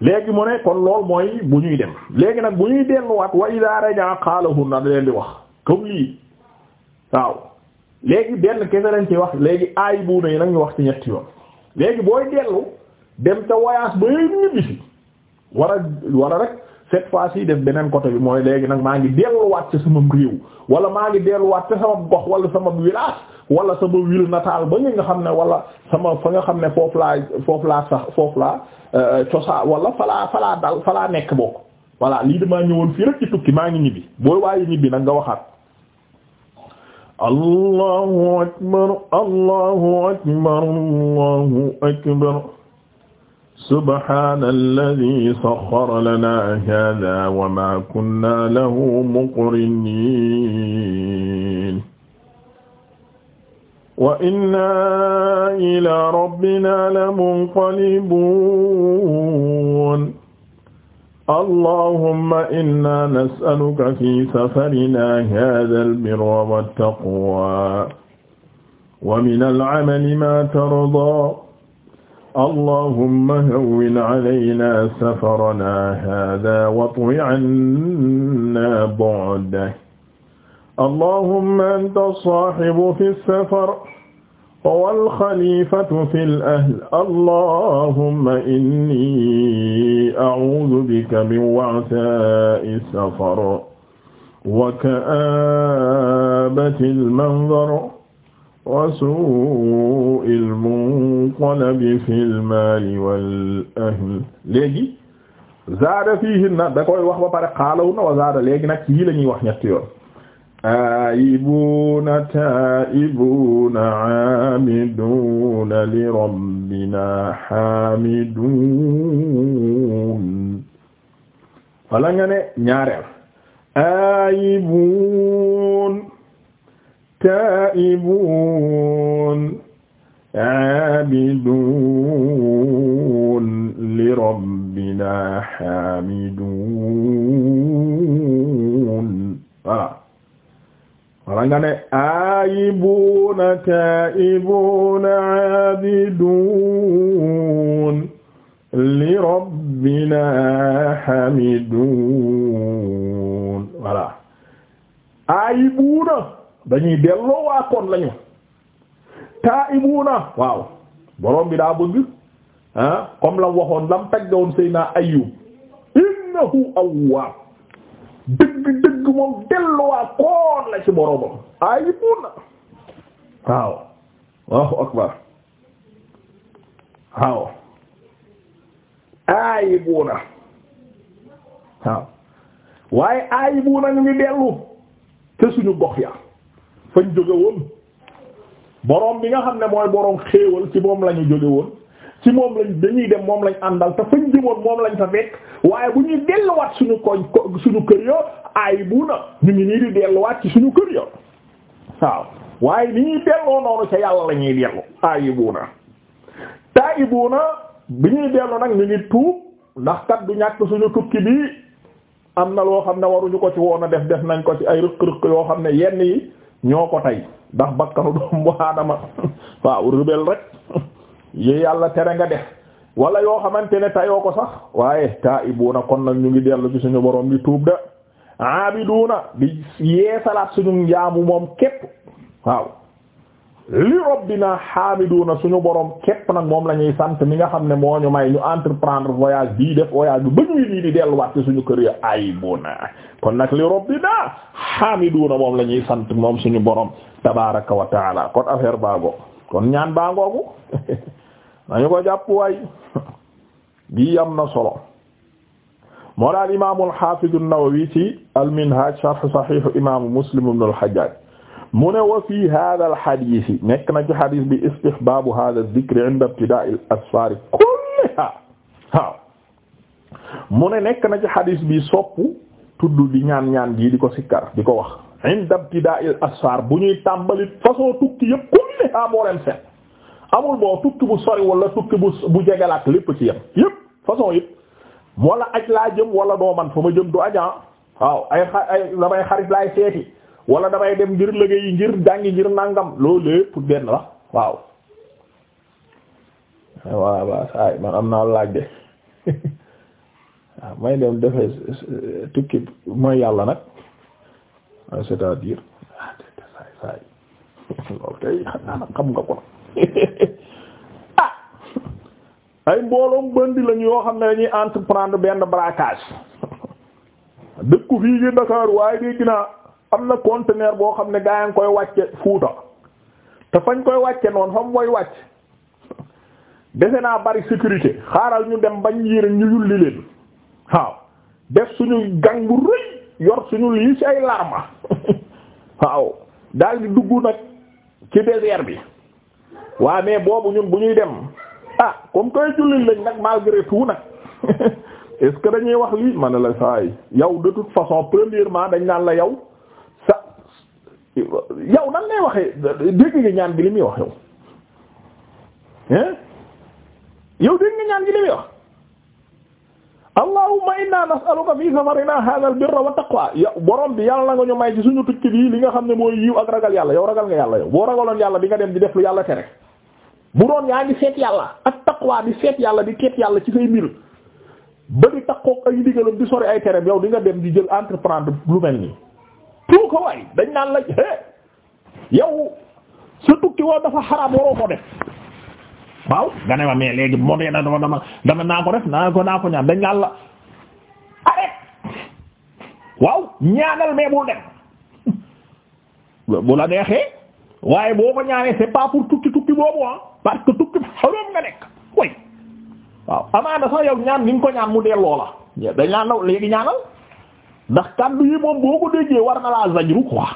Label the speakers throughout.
Speaker 1: léegi mu ne kon lool mooy bu ñuy dem léegi nag bu ñuy delluwaat wa idaa rajaa qaalahunna leen di wax comme lii waaw léegi benn kese lañ ci wax léegi aay bu ne nag ñu wax ci ñetti yoon léegi booy dellu dem ca voyage ba yëy ñibbisi war a war a rek cette fois-ci def beneen côté bi mooy léegi nag maa ngi delluwaat ci sama réew wala maa ngi delluwaat ci sama gox wala sama village wala sama wil nataal ba nga xam ne wala sama fa nga xam ne foofu laa foofu laa sax foofu laa euh, cosa wala falaa falaa dal falaa nekk bokk voilà lii damaa ñëwoon fii rek ci tukki maa ngi ñibbi booy waaye ñibbi nag nga waxaat allahu akbar allahu akbar allahu subhaana allazii saxxara lanaa haazaa wa maa kunnaa lahu muqriniin wa innaa ilaa rabbinaa lamunqalibuun allahumma innaa nas'aluka fii safarinaa haazal birra wattaqwaa wa minal amali maa tardaa allahumma hawwin alayna safarana haadaa watwi anna bu'dahu allahumma anta as-saahibu fi as-safar wal xalifatu fil ahl allahumma inni a'uudu bika min wa'saa'i as-safar wa ka'aabati al-manzar wa su'il munqalabi fil maali wal ahl léegi zaada fiihinna da koy wax ba pare xaalawunna wa zaada léegi nag yii lañuy wax ñetti yoon aayibuna taibuna aabiduna li rabbina haamidun wala nga ne taa'ibuun aabiduun li rabbinaa haamiduun voilà wala nga ne dañuy delloo waa koon lañu taa'ibuuna waaw borom bi daa bëgg ah, comme lam waxoon lam taggawoon Seydina Ayyub innahu awwaab dëgg dëgg moom delluwaa koon la ci boromam aayibuuna waaw Allahu akbar waaw aayibuuna waaw waaye aayibuuna ñu ngi dellu te suñu gox ya fañ jóge woon boroom bi nga xam ne mooy boroom xéewal ci moom lañu jóge woon ci moom lañ dañuy dem moom lañ àndal te fañ jëmoon moom lañ fa fekk waaye bu ñuy delluwaat suñu koñ kër yo aay bu ñu ngi nii di delluwaat ci suñu kër yo waaw waaye ni ñuy delloo noonu ca yàlla la ñuy dellu aay bu na taay bu na bi ñuy dellu nag ñu ngi tuub ndax kat du ñàkk suñu tukki bi am na loo xam ne waruñu ko ci woon a def def nañ ko ci ay rëq-rëq yoo xam ne yenn yi ñoo ko tey ndax bakkanu doom bu aadama waaw rebelle rek yi yàlla tere nga def wala yoo xamante ne tayoo ko sax waaye ta'ibuuna kon nag ñu ngi dellu ci suñu borom di tuub da aabiduuna di yeesalaat suñu njaamu moom képp waaw li rabbina hamiduna suñu borom képp nag moom la ñuy sant mi nga xam ne moo ñu may ñu entreprendre voyage bii def voyage bi bëgg nii di delluwaat ci suñu kër ya ayibuna kon nag li rabbina hamiduna moom lañuy ñuy sant moom suñu borom tabaraka wa taala kon affaire baago kon ñaan baangoogu nañu ko jàpp waay bii am na solo moo daal imaamu al-Hafiz an-Nawawi ci al-Minhaj sharh sahih imaamu Muslim ibn hajjaj mu ne wa fii hada al xadisi nekk na ci xadis bi istihbaabu hada dicre inda ibtidaai l mu ne nekk na ci xadis bi soppu tudd di ñaan-ñaan jii di ko sikkar di ko wax inda ibtidaai asfaar bu ñuy tàmbali façon tukki yëpp kulliha boo leen seet amul boo tukki bu sori wala tukki bu bu jegalaat lépp ci yem yëpp façon yëpp wala aj laa jëm wala doo man fa ma jëm du ajaan ah. waaw ay ay damay xarit seeti wala damay dem ngir liggéey ngir jàngi ngir nangam loolu lépp benn la waaw waaw waaw man am naa laaj de ah, may dem defee tukki mooy yàlla nag ah, c'est-à-dire ah, saay saay xam naa nga ko ah ay mbooloom bandi lañ yoo xam ne dañuy entreprendre benn braquage dëkku fii ci Dakar waaye dégg naa am na conteneur boo xam ne gaa ngi koy wàcce Fuuta te fañ koy wàcce noonu fa mu koy wàcc dese naa bari sécurité xaaral ñu dem bañ yére ñu yulli leen waaw def suñu gang bu rëy yor suñu lii ci ay larma waaw daal di dugg nag ci désert bi waa mais boobu ñun bu ñuy dem ah comme koy jullit lañ nag malgré tout nag est dañuy wax lii ma ne la saay yow de toute façon premièrement dañ naan la yow yow nan lay waxee dégg ñaan gi li muy wax yow hein yow dégg nga ñaan gi li muy wax allahumma inna nas'aluka fi safarina hadha albirra wa taqwa yow borom bi yàlla na nga ñu may ci suñu tukki bi li nga xam ne mooy yiw ak ragal yàlla yow ragal nga yàlla yow boo ragaloon yàlla di nga dem di def lu yàlla tere bu doon yaa ngi seet yàlla ak taqwa di seet yàlla di teet yàlla ci say mbir ba di taqoog ay digalam di sori ay tere yow di nga dem di jël entreprendre lu mel nii tuuka waay dañ naan la é sa tukki woo dafa xaraam waroo ko def waaw nga ne ma mais léegi moo dee na dama dama dama naa ko def naa ko naa ko ñaan dañ naan la arrête waaw ñaanal mais bul dem bu la neexee waaye boo ko ñaanee c'est pour tukki tukki boobu ah parce que tukki xaroom nga nekk way waaw amaana sax yow ñaan ni ko ñaan mu delloo la dañ naan la léegi ñaanal ndax kàddu yi moom boo ko déggee war na laa zajru quoi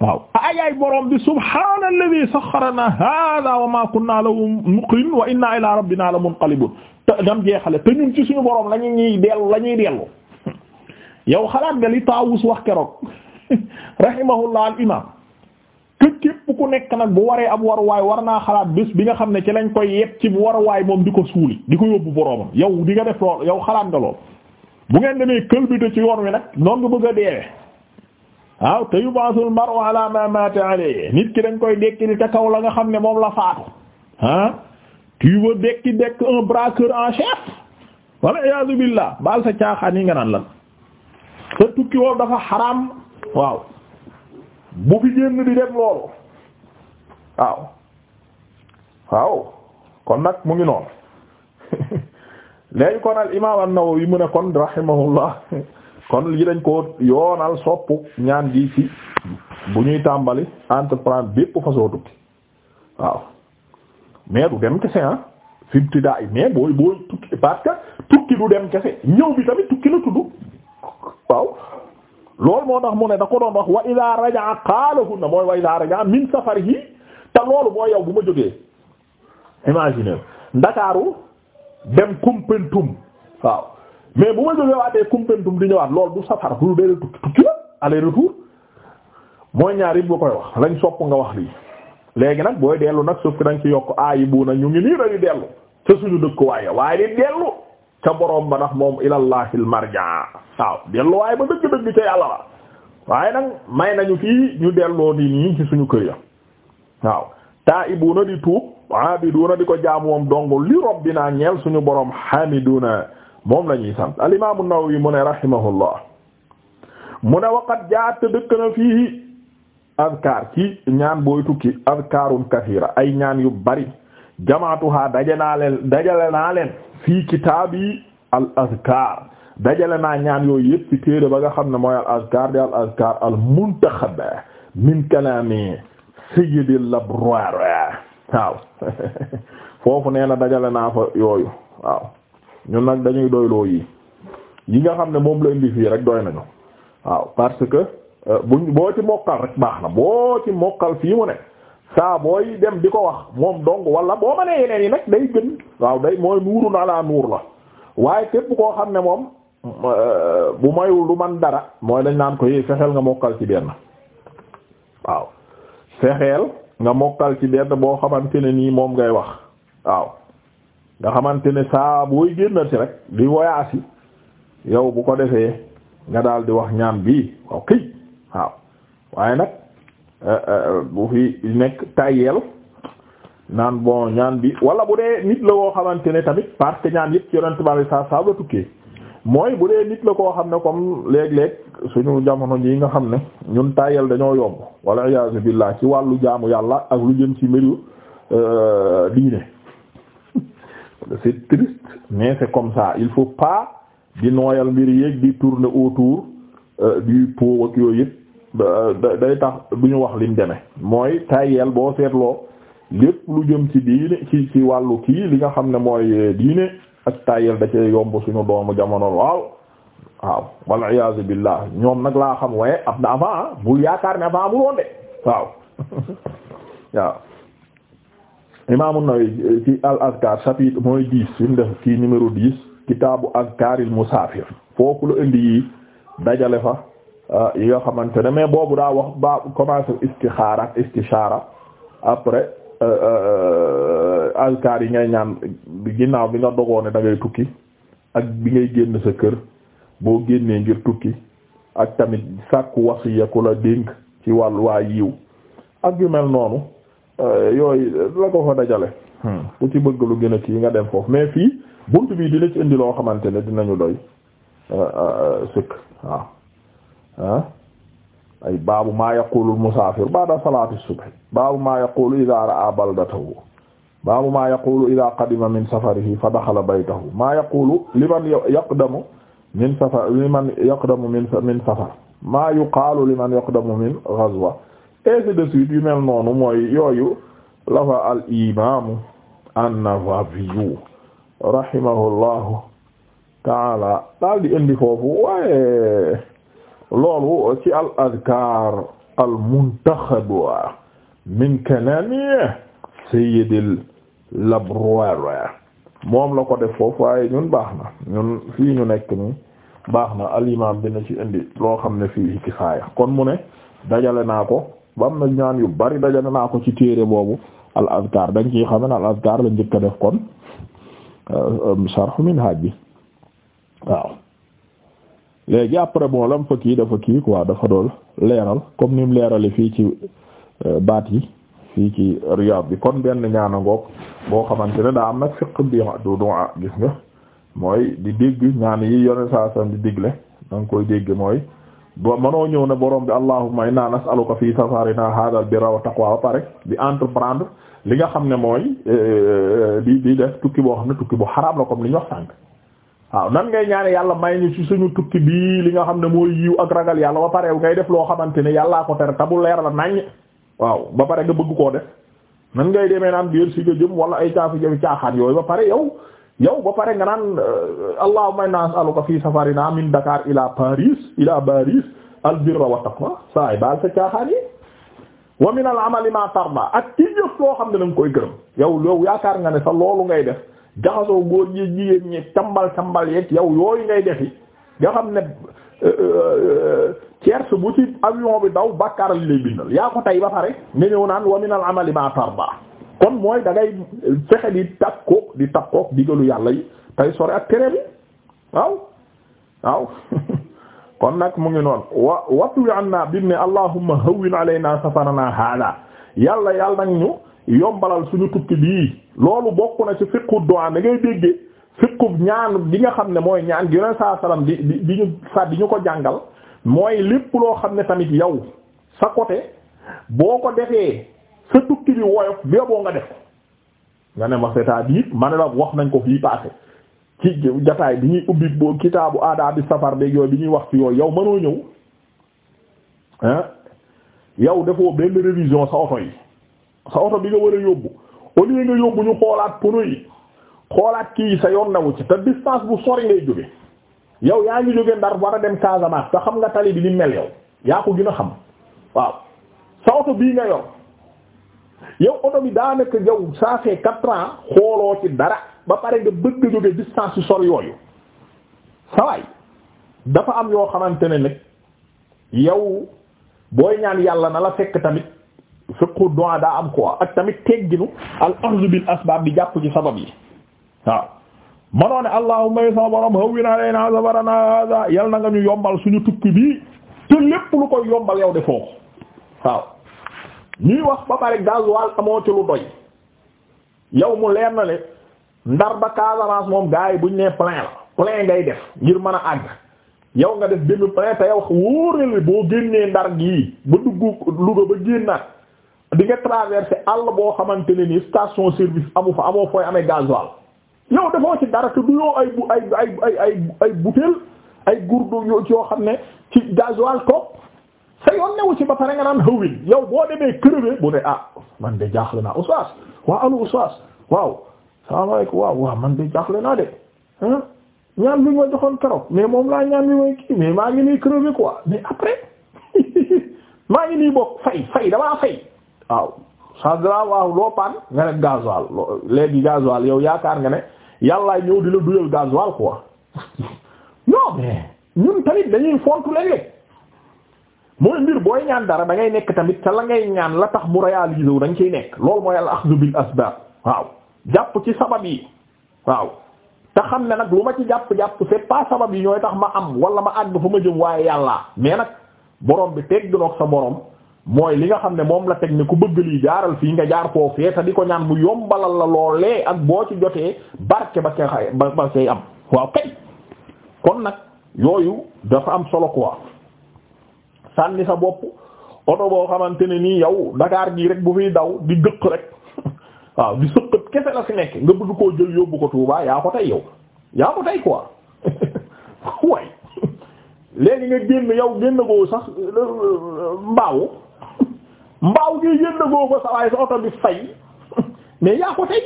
Speaker 1: waaw ayaay borom bi subhaana alladhi saxxarana hada wa ma kunna lahu muqrin wa inna ila rabbina la munqalibun te dam jeexale te ci suñu borom lañu ñuy dellu la ñuy dellu yow xalaat nga li Taawus wax keroog rahimahullah al imam que képp ku nekk nag bu waree ab waruwaay war naa xalaat bi nga xam ne ci lañ koy yeb ci waruwaay moom di ko suuli di ko yóbbu boromam yow di nga def yow xalaat nga lool bu ngeen demee këlbite ci yoon wi nag noon nga bëgg a deewee waaw te yubaasul maru ala ma mata alayhi nit ki dañ koy dekki di kaw la nga xam ne moom la faatu ah tu dekki dekk un braqueur en chef wala iyaazu billah baal sa caaxaan yi nga naan lan te tukki woowu dafa xaraam waaw bu fi génn di def loolu waaw waaw kon nag mu ngi noonu léegi kon al imaam an-Nawawi mu ne kon rahimahullah kon lii dañ ko yoonal soppu ñaan gi ci bu ñuy tàmbali entreprendre bépp façon tukki waaw mais du dem kese ah fi mu daa mais booy booy tukki parce tukki du dem kese ñëw bi tamit tukki la tudd waaw loolu moo tax mu ne da ko doon wax wa idaa rajaa qaalahunna mooy wa idaa rajaa min safarihi te loolu mooy yow bu ma jógee imaginer Ndakaaru dem Koumpentoum waaw mais bu ma jógee waatee Koumpentoum di ñëwaat loolu du safar bu dee tukki tukki la aller retour mooy ñaar it bu koy wax lañ sopp nga wax lii. léegi nag booy dellu nag suuf ki dañ ci yokk ayi bu na ñu ngi nii dañuy dellu ca suñu dëkk waaye waaye di dellu ca borom ba ndax moom ilallahil marja waaw dellu waaye ba dëgg-dëgg ca yàlla la waaye nag may nañu fii ñu delloo di nii ci suñu kër ya waaw taa ibu di tuub. abiduna di ko jaamu moom dong li rabbina ñeel suñu borom hamiduna moom la ñuy sant al imam an-Nawawi mu ne rahimahullah mu ne waqat jaat dëkk na fii azkar ñaan booy tukki azkarun kathira ay ñaan yu bari jamaatuha daje naa leen dajale naa leen fii kitaabi al azkar dajale naa ñaan yo yëpp ci téere ba nga xam ne mooy al azkar di al al muntaxab min kalaami sayyidil abrar waaw foofu nee na dajale naa fa yooyu waaw ñun nag dañuy doyloo yi yi nga xam ne moom la indi fii rek doy nañu waaw parce que euh, buñ boo ci mokkal rek baax na boo ci mokkal fii mu ne saa booy dem di ko wax moom dong wala boo ma nee yeneen yi nag day gën waaw day mooy nuuru na laa nuur la waaye képp koo xam ne moom euh, bu mayul du man dara mooy dañ naan ko yi fexeel nga mokkal ci benn waaw fexeel nga mokkal ci benn boo xamante ne nii moom ngay wax waaw nga xamante ne saa booy génna ci rek di voyage yi yow bu ko defee nga daal di wax ñaan bii waaw këy waaw waaye nag euh, euh, bu fi nekk tayel naan bon ñaan bi wala bu dee nit la woo xamante ne tamit parce que ñaan yëpp ci yonent bi saa saa la tukkee mooy bu dee nit la koo xam ne comme léeg-léeg suñu jamono ji nga xam ne ñun tàyyal dañoo yomb walla iyaazu billaah ci wàllu jaamu yàlla ak lu jëm ci mbiru euh, diine c'est triste mais c'est comme ça il faut pas di nooyal mbir yéeg di tourner autour euh, du pot ak yooyu yëpp day tax bu ñu wax liñ demee mooy tàyyeel boo seetloo lépp lu jëm ci diine ci ci wàllu kii li nga xam ne mooy diine ak tayel da cee yomb suñu doomu jamono waaw waaw wal iyaazu billah ñoom nag laa xam waaye ab na avant ah bul yaakaar ne avant amul woon de waaw waaw Imam An-Nawawi al-Azkar chapitre mooy dix fi mu def kitaabu azkaril musaafir foofu la indi yi dajale fa ah, yi nga xamante ne mais boobu daa wax ba commencé istixaara ak après euh, euh, azkar yi ngay ñaan ginnaaw bi nga dogoo dangay tukki ak bi ngay génn sa kër boo génnee ngir tukki ak tamit sàkku wasiya ku a dénk ci wàllu waa yiw ak yu mel noonu euh, yooyu la ko fa dajale hmm. ku ci bëgg lu gën a kii nga dem foofu mais fii bunt bii dina ci indi loo xamante ne dinañu doy euh, euh, sëkk waaw ah ay baabu maa yaqulu al musaafir ba'da salaati subh baabu maa yaqulu idha ra'a baldatahu baabu maa yaqulu ida qadima min safarihi fa daxala baytahu maa yaqulu liman yaqdamu min safar liman yaqdamu min min safar maa yuqaalu liman yaqdamu min ghazwa ainsi de suite yu mel noonu mooy yooyu lafa al imaamu an-Nawawi rahimahullahu taala daal di indi foofu waaye loolu ci al adkaar al muntaxaba min kalaami sayyidil la Labruyère moom la ko def foofu waaye ñun baax na ñun fii ñu nekk nii baax na alimaam dina ci indi loo xam ne fii kifaaya kon mu ne dajale naa ko ba am na ñaan yu bari dajale naa ko ci téere boobu al azkar dañ ciy xam ne al azkar la njëkk a def kon euh, um, sharh minhaj bi waaw léegi après bon lam fa kii dafa kii quoi dafa dool leeral comme ni leerale fii ci euh, baat yi fii ci Riyad bi kon benn ñaana ngoog boo xamante ne daa am nag fiq bi ah, du du'a ah, gis nga mooy di dégg ñaana yi yone saa sam di digle da nga koy dégg mooy boo manoo ñëw na borom bi allahumma inna nas'aluka fii safarina hadha al-birra a taqwa ba pare di entreprendre li nga xam ne mooy eh, eh, di di def tukki boo xam ne tukki bu xaraam la comme li ñu wax sànq waaw nan ngay ñaane yàlla may ñu ci suñu tukki bii li nga xam ne mooy yiw ak ragal yàlla ba pare ngay def loo xamante ne yàllaa ko tere ta leer la nañ waaw ba pare nga bëgg koo def nan ngay demee naan biir si nga jëm wala ay caafi jafi caaxaan yooyu ba pare yow yow ba pare nga naan euh, allahumma inna as'aluka fi safarina min Dakar ila Paris ila Paris al birra wa taqwa saay ba sa caaxaan yi wa min al amali ma tarda ak ci jëf loo xam ne da koy gërëm yow yow yaakaar nga ne sa loolu ngay def jaxasoo góor ñi jigéen ñi tambal tambal yeeg yow yooyu ngay defi nga xam ne tierce bu ci avion bi daw bàkkaar li lay bindal yaa ko tey ba pare nga naan wa minal amali ma tarda kon mooy dangay ngay fexe di takkook di takkook digalu yàlla yi tey sore ak tere bi waaw waaw kon nag mu ngi noon wa watwi an na bi ne allahumma hawwin alayna safarana hada yàlla yàlla nag ñu yombalal suñu tukki bii loolu bokk na ci fiqhu du'a da ngay déggee fiqub ñaan gi nga xam ne mooy ñaan gi yoneen saa salaam di di ñu sa di ñu ko jàngal mooy lépp loo xam ne tamit yow sa côté boo ko defee sa tukki bi woyof bi boo nga def ko nga ne ma c'est-à-dire ma wax nañ ko fii passé ci jataay bi ñuy ubbi bo kitaabu aadaabi safar beeg yooyu bi ñuy wax ci yooyu yow mënoo ñëw ah yow defoo benn révision sa oto yi sa oto bi nga war a yóbbu au lieu nga yóbbu ñu xoolaat pono yi xoolaat kii sa yoon nawu ci te distance bu sori ngay jóge yow yaa ngi jóge ndar war a dem Casamance te xam nga tali bi ni mel yow yaa ko gën a xam waaw sa oto bii nga yor yow oto bi daanaka yow ça fait quatre ans xooloo ci dara ba pare nga bëgg a jóge distance yu sori yooyu sawaay dafa am yoo xamante ne nag yow booy ñaan yàlla na la fekk tamit fiqu doa daa am quoi ak tamit tegginu al axzu bil asbaab bi jàpp ci sabab yi waaw manoone allahumma yi sama borom hawwin alayna yal na nga ñu yombal suñu tukki bi te lépp lu koy yombal yow defoo ko waaw ñuy wax ba pare gasoil amoo ci lu doy yow mu leer na le ndar ba Casamance moom gaa yi buñ nee plein la plein ngay def ngir mën a àgg yow nga def demi plein te yow wóorale boo génnee ndar gii ba dugg Louga ba génnaat di nga traversé àll boo xamante ne ni station service amu fa amoo fooy amee gasoil yow dafoo ci dara te du yoo ay bu ay ay ay ay ay yoo xam ne ci gasoil toog sa yoon newu ci ba pare nga naan hawil yow boo demee crevé bu ne ah man de jaaxle naa oustaz waa anu oustaz waaw salaamaaleykum waaw waaw man de ñaan bi ma joxoon keroog mais moom laa ñaan maa ngi nii crevé quoi mais après maa ngi nii bokk fay fay damaa fay waaw. sandra waaw loo paan nga ne gasoil léegi gasoil yow yaakaar nga ne. yàllaay ñëw di la duyal gasoil quoi non mais ñun tamit dañuy fontu léeg-léeg mooy mbir booy ñaan dara da ngay nekk tamit ca la ngay ñaan la tax mu réaliser wu dañ ciy nekk loolu mooy al axdu bil asbab waaw jàpp ci sabab yi waaw te xam ne nag lu ma ci jàpp-jàpp c'est pas sabab yi ñooy tax ma am wala ma àgg fu ma jëm waaye yàlla mais nag borom bi teg ginoog sa borom mooy li nga xam ne moom la teg ne ku bëgg lii jaaral fii nga jaar koo te di ko ñaan mu yombalal la loolee ak boo ci jotee barke ba kay ba ba kay am waaw kay kon nag yooyu dafa am solo quoi sànni sa bopp oto boo xamante ne nii yow Dakar gii rek bu fiy daw di gëq rek waaw di sëqat kese la fi nekk nga bëgg koo jël yóbbu ko Touba yaa ko tey yow yaa ko tey quoi way léegi nga génn yow génn ko sax euh, mbaawu mbaaw ngay yëndagoo ko sa waay sa oto bi fay mais yaa ko tey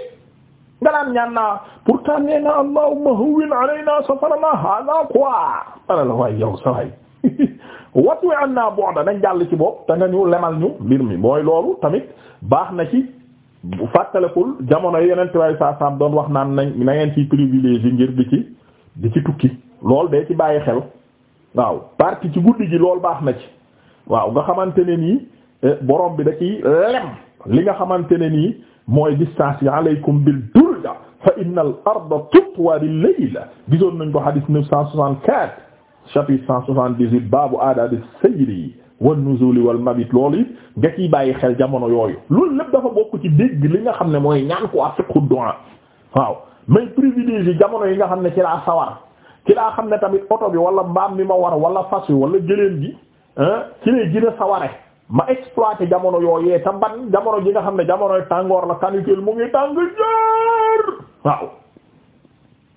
Speaker 1: nga naan ñaan naa pourtant nee na allahumma hawwin alayna safarana hada quoi ana la waay yow sa wat watu an naa bonda nañ jàll ci bopp te nga ñu lemal ñu mbir mi mooy loolu tamit baax na ci bu fàttalikul jamono yi yeneen tubaab saa saam doon wax naan nañ na ci ciy privilégié ngir di ci di ci tukki loolu day ci bàyyi xel waaw parti ci guddi gi loolu baax na ci waaw nga xamante ne nii Eh, borom bi da ci lem li nga xamante ne nii mooy distance yi aleykum bil durja fa inna al arda tutwa bil layl gisoon nañ ko hadith 964 chapitre 178 baabu aadaabi sayri wan nuzuli wal mabit loolu it nga ciy bàyyi xel jamono yooyu loolu lépp dafa bokk ci dégg li nga xam ne mooy ñaan ko fiqhu du'a waaw may privilégié jamono yi nga xam ne ci laa sawar ci laa xam ne tamit oto bi wala mbaam mi ma war wala fas wi wala gëléem gi ci lay gën a ma exploité jamono yooy ta ban jamono ji nga xam ne jamonoy tàngoor la canicule mu ngi tàng jaar waaw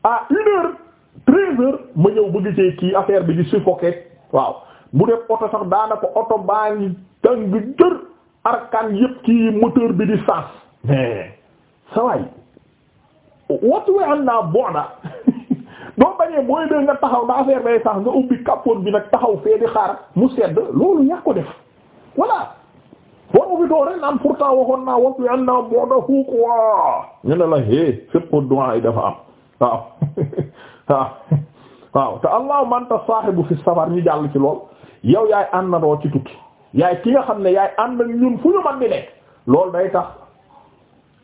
Speaker 1: à une heure ma ñëw bëgg cee kii affaire bi di suffoqué waaw bu dee oto sax daanaka oto baa ngi tàng jër arkaan yëpp kii moteur bi di sens mais sa waay watuwe am naa boona doo bañee mooy de nga taxaw na affaire bay sax nga ubbi capot bi nag taxaw fee di xaar mu sedd loolu yaa ko def voilà waru bi doo rek naan pourtant waxoon naa wop wi an naa boo da xuuk waa ñu ne la yi dafa am waaw waaw waaw te allahumma anta saahibu fi safar ñu jàll ci lool yow yaay ànd na doo ci tukki yaay ki nga xam ne yaay ànd ak ñun fu ñu man di nekk loolu day tax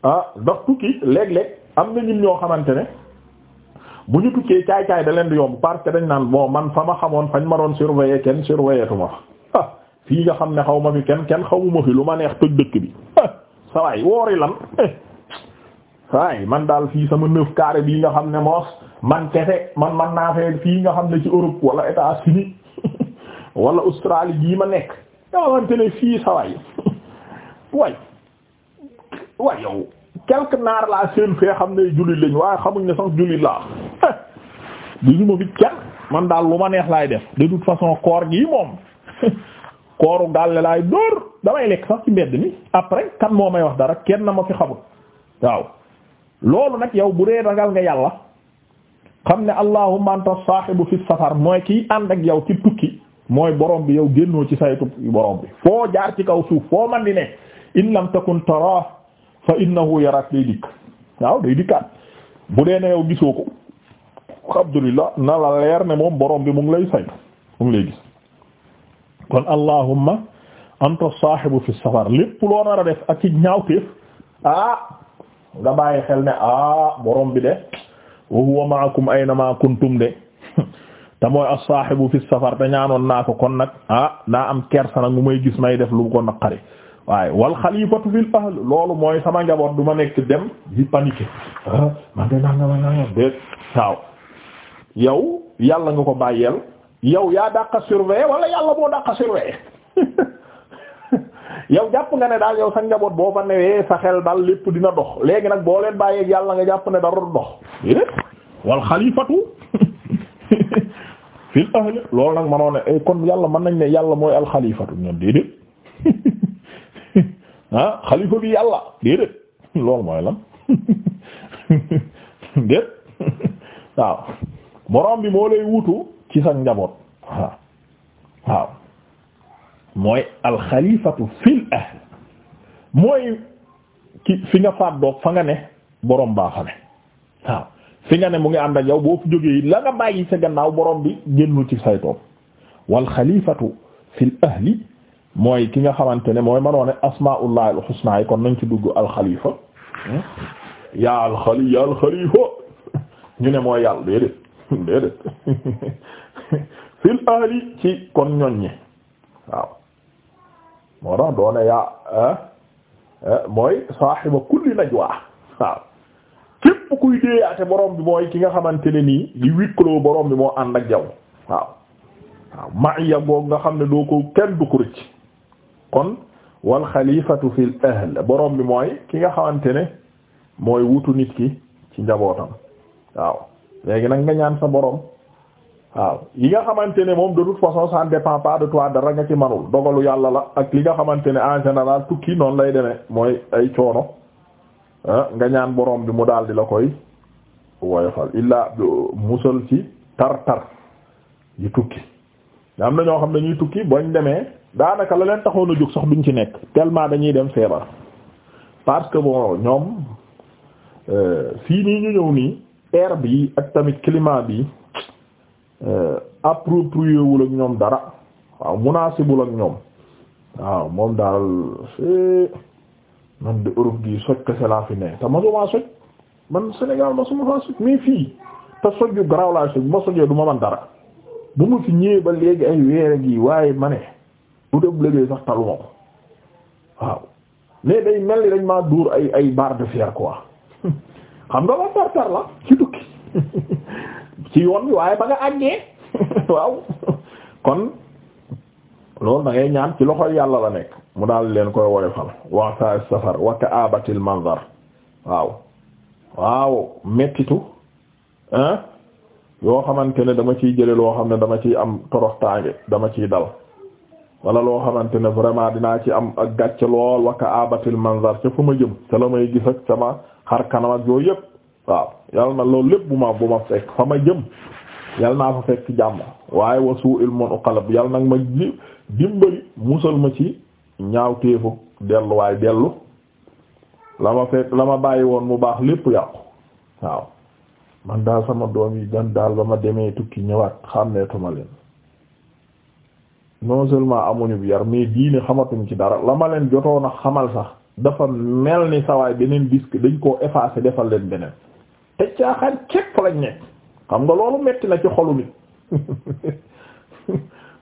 Speaker 1: ah ndax tukki léeg-léeg am na ñun ñoo xamante ne bu ñu tukkee caay-caay da leen di yomb parce que dañ naan bon man fa ma xamoon ñu ma doon surveiller kenn surveiller tuma fa fii nga xam ne xaw ma fi kenn kenn xawuma fi lu ma neex toj dëkk bi eh, sawaay yi lan eh, sawaay man daal fii sama neuf carré bii nga xam ne moos man kese man man naa fee fii nga xam ne ci Europe wala États-Unis wala Australie gii ma nekk nga xamante ne fii sawaay way way yow quelque naar laa seen fee xam ne jullit lañ waaye xamuñ ne sax jullit laa du eh, ñu fi kenn man daal lu ma neex laay def de toute façon koor gi moom kooru gàlle laay dóor damay lekk sax ci mbedd mi après kan moo may wax dara kenn na ma fi xamut waaw loolu nag yow bu dee ragal nga yàlla xam ne allahumma anta saahibu fi safar mooy kiy ànd ak yow ci tukki mooy borom bi yow génnoo ci saytu borom bi foo jaar ci kaw suuf foo man di in lam takun tara fa innahu yarak day dikk waaw day dikkaat bu dee ne yow gisoo ko alhamdulillah na la leer ne moom borom bi mu lay saytu mu lay gis kon allahumma anta saahibu fi safar lépp loo nar def ak ci ñaawteef ah nga bàyyi xel ne ah borom bi de wa huwa ma'akum aynama kuntum de te mooy as-saahibu fi safar te ñaanoon naa ko kon nag ah na am kersa nag mu may gis may def lu ko naqari waaye wal xalifatu fil loolu mooy sama njaboot du ma nekk dem di paniquer ah man de naa nga ma naa yàlla nga ko bàyyeel yow yaa dàq a surveiller wala yàlla boo dàq a jàpp nga ne daal yow sa njaboot boo fa newee sa xel daal lépp dina dox léegi nag boo leen bàyyeeg yàlla nga jàpp ne dara du dox wal xalifatu fil lool loolu nag mënoo ne eh, kon yàlla mën nañ ne yàlla mooy al xalifatu ñoom déedéet ah xalifa bi yàlla déedéet loolu mooy lan déet waaw borom bi moo lay wutu ci sa njaboot waaw waaw mooy alxalifatu fil ahl mooy ki fi nga faat doog fa nga ne borom baa fa ne waaw fi nga ne mu ngi ànd ak yow boo fi jógee la nga bàyyi sa gannaaw borom bi génnul ci say doom wal xalifatu fil ahli mooy ki nga xamante ne mooy manoo ne asmaullah yi kon nañ ci dugg hmm? alxalifa yaa alxali ñu ne mooy yàlla déedéet déedéet fil ahli ci kon ñoñ ñi waaw moo tax doone yaa ah, ah, mooy saaxiba kulli najwa waaw képp kuy déeyaate borom bi mooy ki nga xamante ne nii li wikkaloo borom bi moo ànd ak jaw waaw waaw ma'iya nga xam ne doo ko kenn du ko rëcc kon wal xalifatu fil ahl borom bi mooy ki nga xamante ne mooy wutu nit ki ci njabootam waaw léegi nag nga ñaan sa boroom waaw yi nga xamante ne moom de toute façon ça ne dépend pas de toi dara nga ci manul dogalu yàlla la ak li nga xamante ne en général tukki noonu lay deme mooy ay coono ah, nga ñaan borom bi mu daal di la koy woyofal illa musal ci tar tar yi tukki am na ñoo xam ne ñuy tukki bañ demee daanaka la leen taxoon a jóg sax duñ ci nekk tellement dañuy dem feebar parce que bon ñoom euh, fii nii ñu ñëw nii air bi ak tamit climat bi Euh, approprié wul ak ñoom dara waaw munaasibul ak ñoom waaw moom daal man de Europe gi soj kese laa fi ne te masumaa soj man Sénégal masuma faa soj mais fii te soj yu garaaw soj bu ma sojee du man dara bu mu fi ñëwee ba léegi ay weere gi waaye ma ne du dem léegi sax taluma ko waaw mais day mel ni dañ maa dóor ay ay barre de fer quoi xam nga ma tartar la ci tukki ci yoon bi waaye ba nga àggee waaw kon loolu da ngay ñaan ci loxoy yàlla la nekk mu daal leen koy woyofal waxta safar wa ka'abatil manzar waaw waaw mettitu hein yoo xamante ne dama ciy jële loo xam ne dama ciy am toroxtaange dama ciy dal wala loo xamante ne vraiment dinaa ci am ak gàcce lool wa ka'abatil manzar ca fu ma jëm ca la may gis ak sama xar kanam ak yëpp waaw yal na loolu lépp bu ma bu ma fekk fa ma jëm yal naa fa fekk jàmm waaye wa su'il munqalab yal nag ma dimbali musal ma ci ñaaw téefu dellu waaye dellu la ma fekk la ma bàyyi woon mu baax lépp yàqu waaw man daal sama doom yi gan daal ba ma demee tukki ñëwaat xàmmeetuma leen non seulement amuñu bi yar mais diine xamatuñ ci dara la ma leen jotoon a xamal sax dafa mel ni sawaay beneen disque dañ koo effacer defal leen beneen te caaxaan képp lañ nekk xam nga loolu metti na ci xolu nit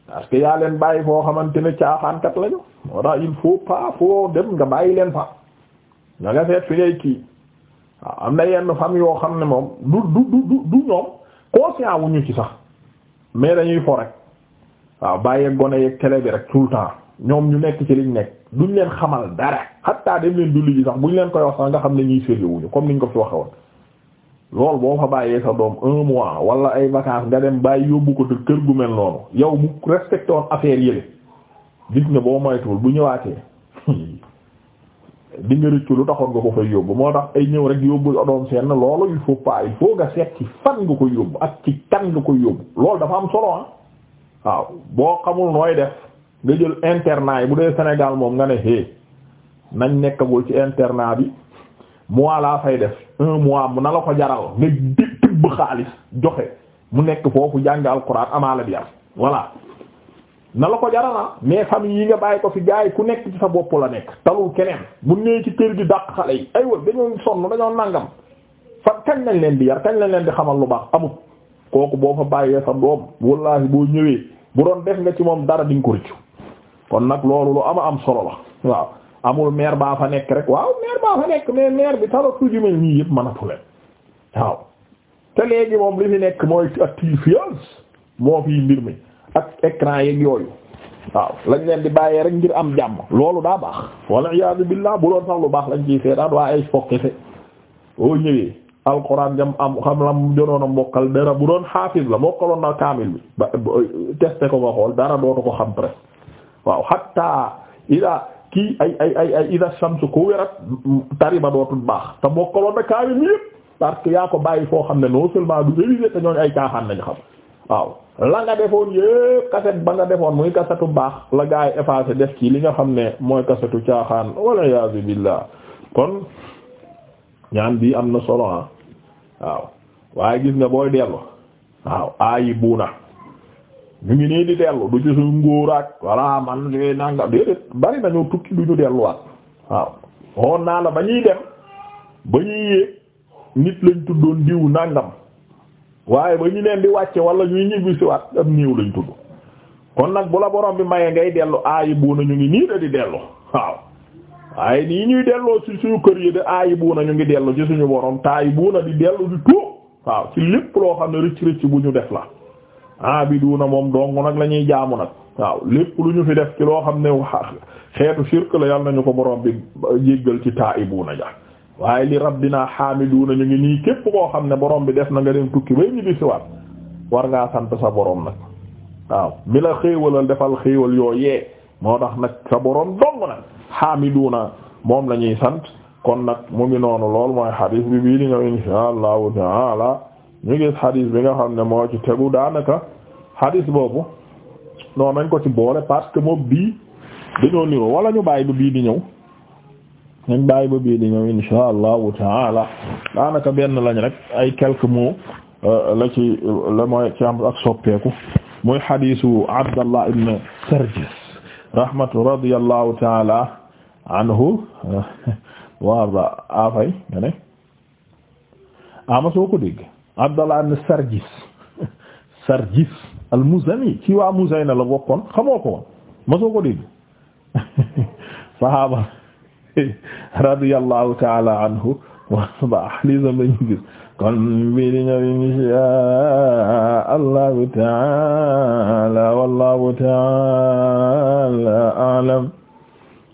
Speaker 1: parce que yaa leen bàyyi foo xamante ne caaxaankat lañu moo tax il faut pas foo dem nga bàyyi leen fa nga nga seet fi ngay kii waaw am na yenn fam yoo xam ne moom du du du du ñoom conscient wuñu ci sax mais dañuy fo rek waaw bàyyeeg gone yeeg télé bi rek tout ñoom ñu nekk ci liñ nekk duñ leen xamal dara xattaa dem leen du ji sax buñ leen koy wax sax nga xam ne ñuy sérieux loolu boo fa bàyyee sa doom un mois wala ay vacances nga dem bàyyi yóbbu ko te kër gu mel noonu yow bu respecté woon affaire yële gis nga boo moytuwul bu ñëwaatee di nga rëccu lu taxoon nga ko fay yóbbu moo tax ay ñëw rek yóbbu doom seen loolu il faut pas il faut nga seet ci fan nga ko yóbbu ak ci kan nga ko yóbbu loolu dafa am solo ah waaw boo xamul nooy def nga jël internat yi bu dee Sénégal moom nga ne hé nañ nekkagul ci internat bi. mois laa fay def un mois mu na la ko jaral nga tibb xaalis joxe mu nekk foofu jàng alxuraan amaa la bi am voilà na la ko jarala ah mais famille yi nga bàyyi ko fi gars yi ku nekk ci sa bopp la nekk talul keneen bu nee ci kër gi dàq xale yi aywa dañoo sonn dañoo nangam fa kañ lañ leen di yar kañ lañ leen di xamal lu baax amut kooku boo fa bàyyee sa doom wallaahi boo ñëwee bu doon def nga ci moom dara di nga ko rëccu kon nag loolu lu ama am solo la waaw amul maire baa fa nekk rek waaw maire baa fa nekk mais maire bi tara tuji mel nii yëpp mën a pulen waaw te léegi moom li fi nekk mooy actifiage moo fi mbir mi ak écran yeeg yooyu waaw lañ leen di bàyyee rek ngir am jàmm loolu daa baax wala iyaadu billaah bu doon sax lu baax lañ ciy seetaan waa ay fokkese boo ñëwee alquran jam am xam la mu jonoon a mbokkal dara bu doon xaafis la mokkaloon na kaamil bi ba testé ko nga xool dara dootu ko xam presque waaw hatta ila kii ay ay ay ay ida shamsu ko werat tari dootul baax te mokkaloon na kaamil mi yëpp parce que yaa ko bàyyi foo xam ne non seulement du révisé te ñooñ ay caaxaan nañ xam waaw la nga defoon yëpp cassette ba nga defoon muy kasetu baax la gaa yi effacé def ci li nga xam ne mooy kasetu caaxaan walla yaazu billah kon ñaan bi am na solo ah waaw waaye gis nga booy dellu waaw ayi buuna ñu ngi nii di dellu du ci suñu ngóoraat voilà man de nangam déedéet bari nañu tukki du ñu delluwaat waaw waxoon naa la ba ñuy dem ba ñuy yéeg nit lañ tuddoon diw nangam waaye ba ñu leen di wàcce wala ñuy ñibbisiwaat am niiw lañ tudd kon nag bu la borom bi maye ngay dellu aayi buuna ñu ngi nii da di dellu waaw waaye nii ñuy delloo si suñu kër yi de aayi buuna ñu ngi dellu ci suñu borom taayi buuna di dellu di tuub waaw ci lépp loo xam ne rëcc rëcc bu ñu def la. abiduna moom dong nag la ñuy jaamu nag waaw lépp lu ñu fi def ci loo xam ne xeetu shirk la yàlla ñu ko borom bi jéggal ci taaibuuna ja waaye li rabbina xaamiduuna ñu ngi nii képp koo xam ne borom bi def na nga dem tukki bay ñibbi siwaat war ngaa sant sa boroom nag waaw mi la xéewalal defal xéewal yooyee moo tax nag sa borom dong nag xaamiduuna moom lañuy ñuy sant kon nag mu ngi noonu lool mooy xadiis bi bii di ñëw insha allahu taala ñu gis xadis bi nga xam ne moo ci tegu daanaka xadis boobu noonu nañ ko ci boole parce que moom bii dañoo niroo wala ñu bàyyi ba bii di ñëw nañ bàyyi ba bii di ñëw insha allahu taala daanaka benn lañ rek ay quelques mots euh, la ci la mooy ci am ak soppeeku muy xadisu abdallah ibn sarjis rahmatu radiyallahu taala anhu wa arda afay nga ne ama soo ko dégg Abdallah ibn Sarjis Sarjis al-Muzani ci waa Muzayna la bokkoon xamoo ko woon mosoo ko dégg sahaaba radiyallahu ta'ala anhu wasbah lisam lañu gis kon bi di ñëw inshaa Allahu ta'ala wallahu ta'ala a'lam